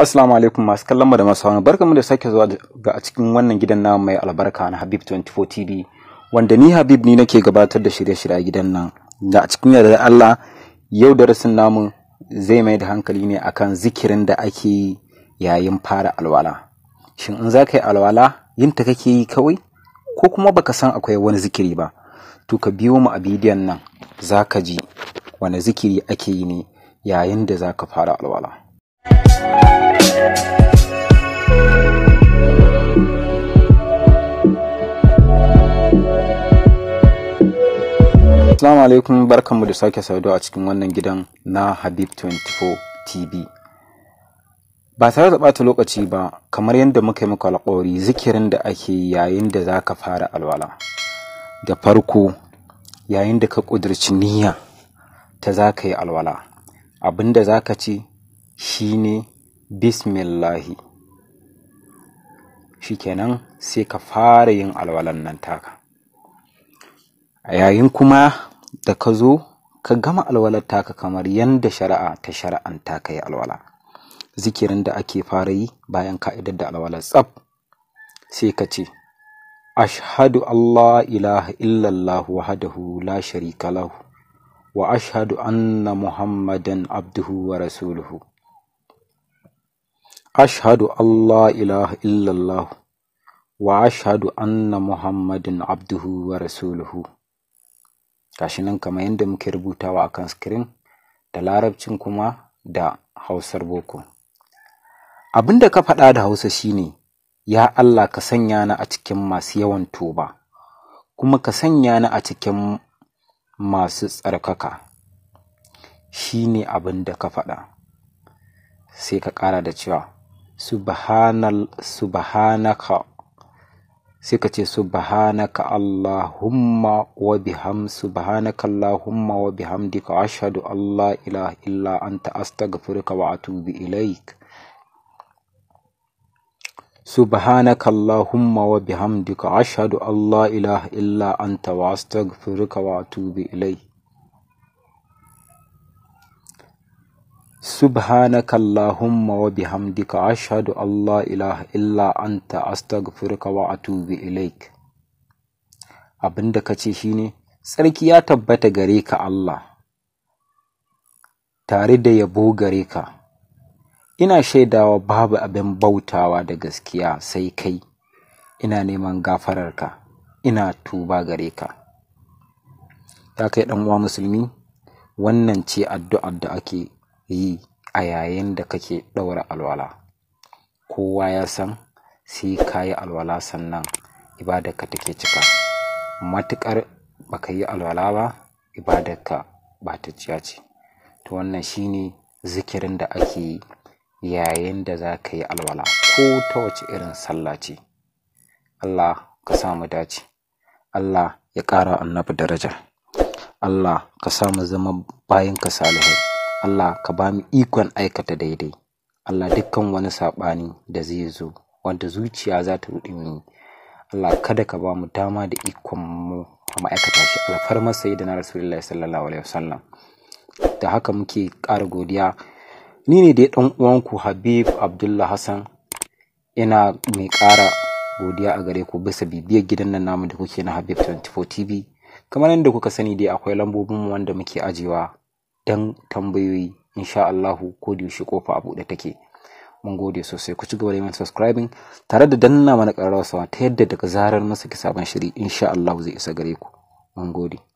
Assalamu alaikum masu kallon mu da masu hawa barkamu da sake zuwa ga a cikin wannan gidan namu mai albarka na Habib 24 TV wanda ni Habib ni nake gabatar da shirye-shirye a gidan nan da a cikin yarda Allah yau darasin namu zai mai da hankali ne akan zikirin da ake yi yayin fara alwala shin in za ka yi alwala yin ta kake yi kawai ko kuma baka san akwai wani zikiri ba to ka biyo mu a bidiyon nan za ka ji wani zikiri ake yi ne yayin da za ka fara alwala Assalamu alaikum barkanmu da sake saduwa a cikin wannan gidan na Habib 24 TV. Ba tare da ɓata lokaci ba, kamar yadda muka yi muku alƙawari zikirin da ake yayin da za ka fara alwala. Da farko, yayin da ka ƙudurci niyya ta za ka yi alwala, abinda za ka ci shi ne bismillahi shikenan sai ka fara yin alwalan nan taka a yayin kuma da ka zo ka gama alwalar taka kamar yadda shari'a ta shari'anta ka yi alwala zikirin da ake fara yi bayan ka'idar da alwalar tsab sai ka ce ashhadu Allah ilaha illallah wahdahu la sharika lahu wa ashhadu anna muhammadan abduhu wa rasuluhu ashhadu Allah ilaha illallah wa ashhadu anna muhammadin abduhu wa rasuluhu kashi nan kamar yadda muke rubutawa kan screen da larabcin kuma da hausar boko abin da ka faɗa da hausa shine ya Allah ka sanya ni a cikin masu yawan tuba kuma ka sanya ni a cikin masu tsarkaka shine abin da ka faɗa sai ka ƙara da cewa subhanal subhanaka sai ka ce subhanaka allahumma wa biham subhanaka allahumma wa bihamdika ashhadu allah ilaha illa anta astaghfiruka wa atubu ilaik subhanaka allahumma سبحانك اللهم وبحمدك أشهد أن لا إله إلا أنت wa وأتوب ilaik subhanakallahumma wa bihamdika ashhadu an la ilaha illa anta astaghfiruka wa atubu ilaik ce kace shine tsarki ya tabbata gare ka Allah tare da yabo gare ka ina shaidawa babu abin bautawa da gaskiya sai kai ina neman gafararka ina tuba gare ka ya kai uwa musulmi wannan ce addu'ar da ake yi a yayin da kake ɗaura alwala. Kowa ya san sai ka yi alwala sannan ibadarka take cika. Matuƙar ba ka yi alwala ba, ibadarka ciya ce. To wannan shi ne zikirin da ake yi yayin da za ka yi alwala ko ta wace irin sallah ce. Allah ka sa dace. Allah ya ƙara annabi daraja. Allah ka sa mu zama ka salihai. Allah ka ba mu ikon aikata daidai Allah dukkan wani saɓani da zai zo wanda zuciya za ta ruɗe mu Allah kada ka ba mu dama da ikon mu ma'aikata shi alfarmar sai da na rasulullahi sallallahu alaihi wasallam da haka muke ƙara godiya ni ne dai ɗan uwanku habib abdullah hassan ina mai ƙara godiya a gare ku bisa bibiyar gidan nan namu da kuke na habib 24 tv kamar yadda kuka sani dai akwai lambobinmu wanda muke ajiyewa 'yan tambayoyi insha Allahu ko da yaushe kofa a buɗe take mun gode sosai ku ci gaba da yin subscribing tare da danna mana ƙararrawa ta yadda daga zarar masa saki sabon shiri insha allahu zai isa gare ku mun gode